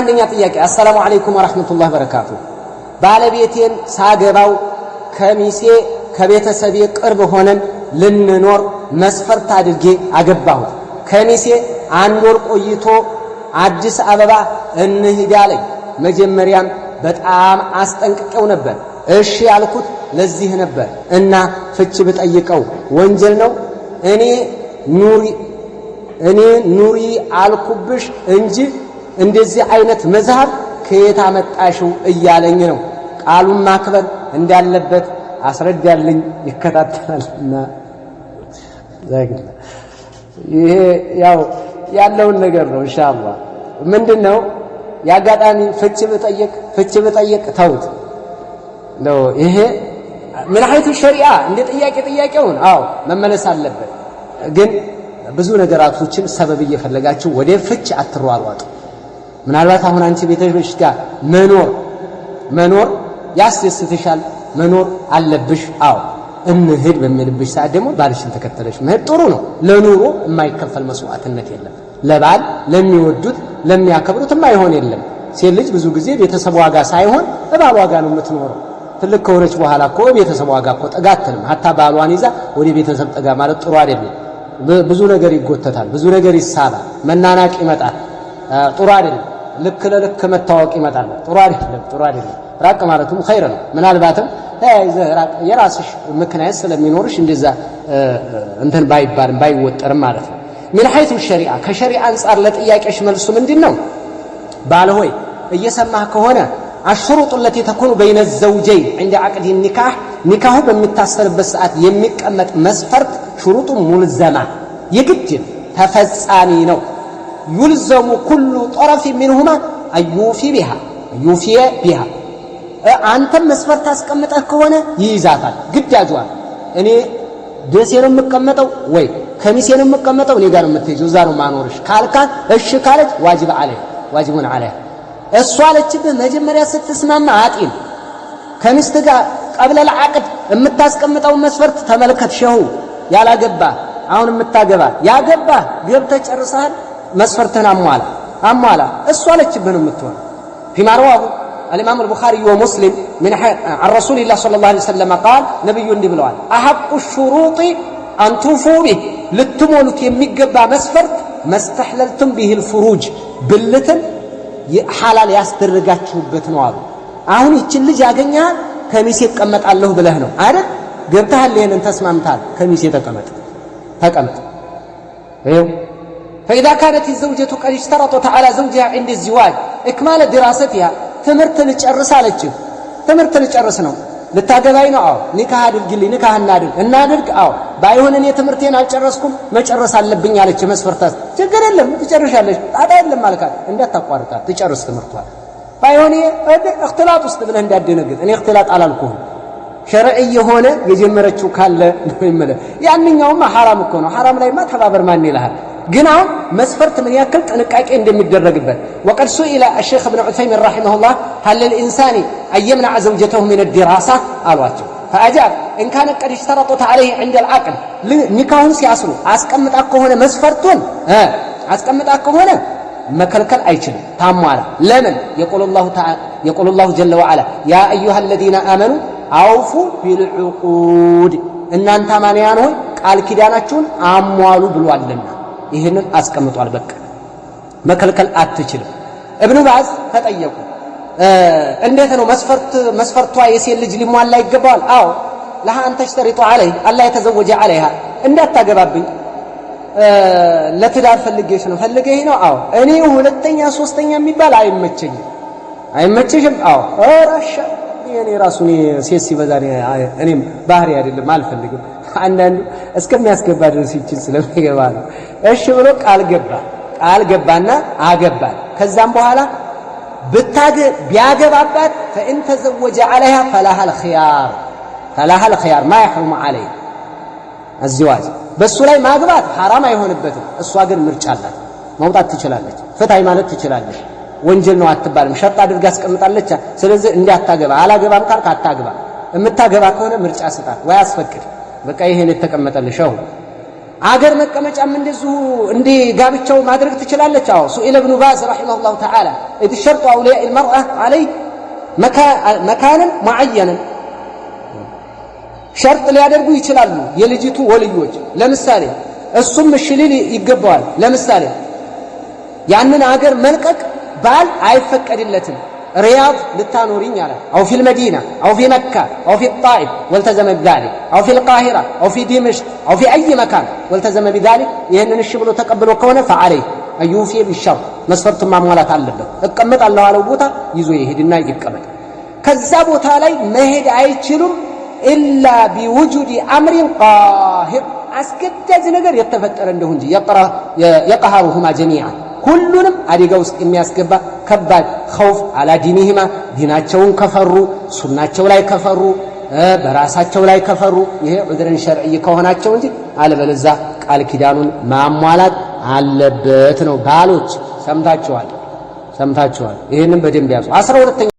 አንደኛ ጥያቄ አሰላሙ አለይኩም ወረሕመቱላህ በረካቱ። ባለቤቴን ሳገባው ከሚሴ ከቤተሰቤ ቅርብ ሆነን ልንኖር መስፈርት አድርጌ አገባሁት። ከሚሴ አንድ ወር ቆይቶ አዲስ አበባ እንሂድ አለኝ። መጀመሪያም በጣም አስጠንቅቄው ነበር። እሺ ያልኩት ለዚህ ነበር እና ፍቺ ብጠይቀው ወንጀል ነው? እኔ ኑሪ እኔ ኑሪ አልኩብሽ እንጂ እንደዚህ አይነት መዝሐብ ከየት አመጣሽው እያለኝ ነው። ቃሉን ማክበር እንዳለበት አስረዳልኝ። ይከታተላልና ይሄ ያው ያለውን ነገር ነው። ኢንሻአላህ ምንድን ነው የአጋጣሚ ፍቺ ብጠይቅ ፍቺ ብጠይቅ ተውት ነው ይሄ ምን አይቱ ሸሪዓ እንደ ጥያቄ ጥያቄውን አዎ መመለስ አለበት። ግን ብዙ ነገራቶችን ሰበብ እየፈለጋችሁ ወደ ፍች አትሯሯጡ። ምናልባት አሁን አንቺ ቤተሽ ጋር መኖር መኖር ያስደስትሻል፣ መኖር አለብሽ። አዎ እንሂድ በሚልብሽ ሰዓት ደግሞ ባልሽን ተከተለሽ መሄድ ጥሩ ነው። ለኑሮ የማይከፈል መስዋዕትነት የለም። ለባል ለሚወዱት ለሚያከብሩት የማይሆን የለም። ሴት ልጅ ብዙ ጊዜ ቤተሰብ ዋጋ ሳይሆን እባል ዋጋ ነው የምትኖረው። ትልቅ ከሆነች በኋላ እኮ ቤተሰብ ዋጋ እኮ ጠጋ አትልም። ሀታ ባሏን ይዛ ወደ ቤተሰብ ጠጋ ማለት ጥሩ አይደለም። ብዙ ነገር ይጎተታል፣ ብዙ ነገር ይሳባል፣ መናናቅ ይመጣል። ጥሩ አይደለም። ልክ ለልክ መታወቅ ይመጣል። ጥሩ አይደለም፣ ጥሩ አይደለም። ራቅ ማለቱም ኸይር ነው። ምናልባትም የራስሽ ምክንያት ስለሚኖርሽ እንደዛ እንትን ባይባልም ባይወጠርም ማለት ነው። ሚን ሐይቱ ሸሪዓ ከሸሪዓ አንጻር ለጥያቄሽ መልሱ ምንድን ነው? ባል ሆይ እየሰማህ ከሆነ አሽሩጡ ለቲ ተኩኑ በይነ ዘውጀይ እንደ አቅድ ኒካህ ኒካሁ በሚታሰርበት ሰዓት የሚቀመጥ መስፈርት ሽሩጡ ሙልዘማ የግድ ተፈጻሚ ነው። ዩልዘሙ ኩሉ ጠረፊ ሚንሁማ አዩፊ ቢሃ ዩፊ ቢሃ አንተም መስፈርት አስቀምጠህ ከሆነ ይይዛታል ግዳጇን። እኔ ደሴ ነው የምቀመጠው ወይ ከሚሴ ነው የምቀመጠው፣ እኔ ጋር ነው የምትይዘው፣ እዛ ነው ማኖርሽ ካልካት፣ እሺ ካለች ዋጅብ አለ ዋጅቡን አለ እሷ አለችብህ። መጀመሪያ ስትስማማ አጢን ከሚስት ጋር ቀብለል አቅድ የምታስቀምጠውን መስፈርት ተመልከት። ሸሁ ያላገባ አሁን የምታገባ ያገባ ገብተህ ጨርሰሃል። መስፈርተን አሟላ አሟላ እሱ አለችብህ ነው የምትሆን ፊማ ረዋሁ الإمام البخاري ومسلم من عن رسول الله صلى الله عليه وسلم قال نبي يندم لوال أحق الشروط أن توفوا به للتمولت يميقبا مسفرت ما استحللتم به الفروج بلتن حلال ያስደረጋችሁበት በትን አሉ አሁን ይችን ልጅ ያገኛል ከሚሴ እቀመጣለሁ ብለህ ነው አይደል ገብተሃል ይሄንን ተስማምታል ከሚሴ ተቀመጥ ተቀመጥ ይኸው ፈኢዛ ካነት ዘውጀቱ ቀድ እጅተረጦት ዓላ ዘውጅሃ ዕንደ ዚዋጅ እክማለ ዲራሰትያ ትምህርት ልጨርስ አለችህ። ትምህርት ልጨርስ ነው። ልታገባኝ ነው? አዎ። ኒካህ አድርግልኝ። ኒካህ እናድርግ እናድርግ። አዎ። ባይሆን እኔ ትምህርቴን አልጨረስኩም መጨረስ አለብኝ አለች። መስፈርታት ችግር የለም ትጨርሻለች፣ ጣጣ የለም አልካት። እንዳታቋርጣት ትጨርስ ትምህርቷል። ባይሆን እክትላጥ ውስጥ ብለህ እንዳደነግጥ እኔ እክትላጥ አላልኩህም። ሸርዒ የሆነ የጀመረችው ካለ ይመለ ያንኛውማ ሐራም እኮ ነው። ሐራም ላይማ ተባበር ማን ይልሃል? ግን አሁን መስፈርት ምን ያክል ጥንቃቄ እንደሚደረግበት ወቀድ ሱኢለ አሼክ እብን ዑሰይሚን ረሒመሁላህ ሀል ልኢንሳኒ አየምናዕ ዘውጀተሁ ሚን ዲራሳ አሏቸው ፈአጃብ እንካነ ቀድ ሽተረጡት አለይህ ዕንደ ልዓቅድ ኒካሁን ሲያስሩ አስቀምጣ ከሆነ መስፈርቱን አስቀምጣ ከሆነ መከልከል አይችልም ታሟላ ለምን የቆሉ ላሁ ጀለ ወዓላ ያ አዩሃ አለዚነ አመኑ አውፉ ቢልዕቁድ እናንተ አማንያን ሆይ ቃል ኪዳናችሁን አሟሉ ብሏልና ይህንን አስቀምጧል። በቃ መከልከል አትችልም። እብኑ ባዝ ተጠየቁ። እንዴት ነው መስፈርቷ የሴት ልጅ ሊሟላ ይገባዋል? አዎ ለሃ አንተሽተሪጦ አለይ አላ የተዘወጀ አለይሃ እንዳታገባብኝ ለትዳር ፈልጌሽ ነው ፈልገኝ ነው። አዎ እኔ ሁለተኛ ሶስተኛ የሚባል አይመቸኝም። አይመችሽም? አዎ ራሻ እኔ ራሱ ሴት ሲበዛ እኔም ባህሪ አይደለም አልፈልግም። አንዳንዱ እስከሚያስገባ ድረስ ይችል ስለሚገባ ነው። እሺ ብሎ ቃል ገባ ቃል ገባና አገባል። ከዛም በኋላ ብታገ ቢያገባባት ፈኢን ተዘወጀ ዓለይሃ ፈላሃል ኽያር ፈላሃል ኽያር ማ የሕሩሙ ዓለይ አዚዋጅ በእሱ ላይ ማግባት ሐራም አይሆንበትም። እሷ ግን ምርጫ አላት። መውጣት ትችላለች። ፍታይ ማለት ትችላለች። ወንጀል ነው አትባልም። ሸርጥ አድርጋ አስቀምጣለች። ስለዚህ እንዲህ አታገባ አላገባም ካልክ አታግባ። የምታገባ ከሆነ ምርጫ ስጣት ወይ አስፈቅድ። በቃ ይሄን የተቀመጠልሻው አገር መቀመጫም እንደዚሁ እንደ ጋብቻው ማድረግ ትችላለች። አዎ ሱኢለ ብኑ ባዝ ረሒመሁላሁ ተዓላ እድ ሸርጡ አውልያ ልመርአ አለይ መካንን ሙዓየንን ሸርጥ ሊያደርጉ ይችላሉ የልጅቱ ወልዮች። ለምሳሌ እሱም እሺ ሊል ይገባዋል። ለምሳሌ ያንን አገር መልቀቅ ባል አይፈቀድለትም። رياض للتانورين يعني أو في المدينة أو في مكة أو في الطائف والتزم بذلك أو في القاهرة أو في دمشق أو في أي مكان والتزم بذلك يهن الشبل تقبل كونه فعليه أن يوفي بالشر መስፈርት ማሟላት الله እቀመጣለሁ አለው ቦታ ይዞ ይሄድና ይቀመጥ ከዛ ቦታ ላይ መሄድ አይችሉም ኢላ ቢውጁድ አምሪን ቃሂር አስገዳጅ ነገር የተፈጠረ እንደሁ እንጂ يقهرهما جميعا ሁሉንም አደጋ ውስጥ የሚያስገባ ከባድ ኸውፍ አላ ዲናቸውን ከፈሩ ሱናቸው ላይ ከፈሩ በራሳቸው ላይ ከፈሩ ይሄ ዑድርን ሸርዕይ ከሆናቸው እንጂ አለበለዛ ቃል ኪዳኑን ማሟላት አለበት ነው ባሎች ሰምታችኋል ሰምታችኋል ይህንም በደንብ ያዙ አስራ ሁለተኛ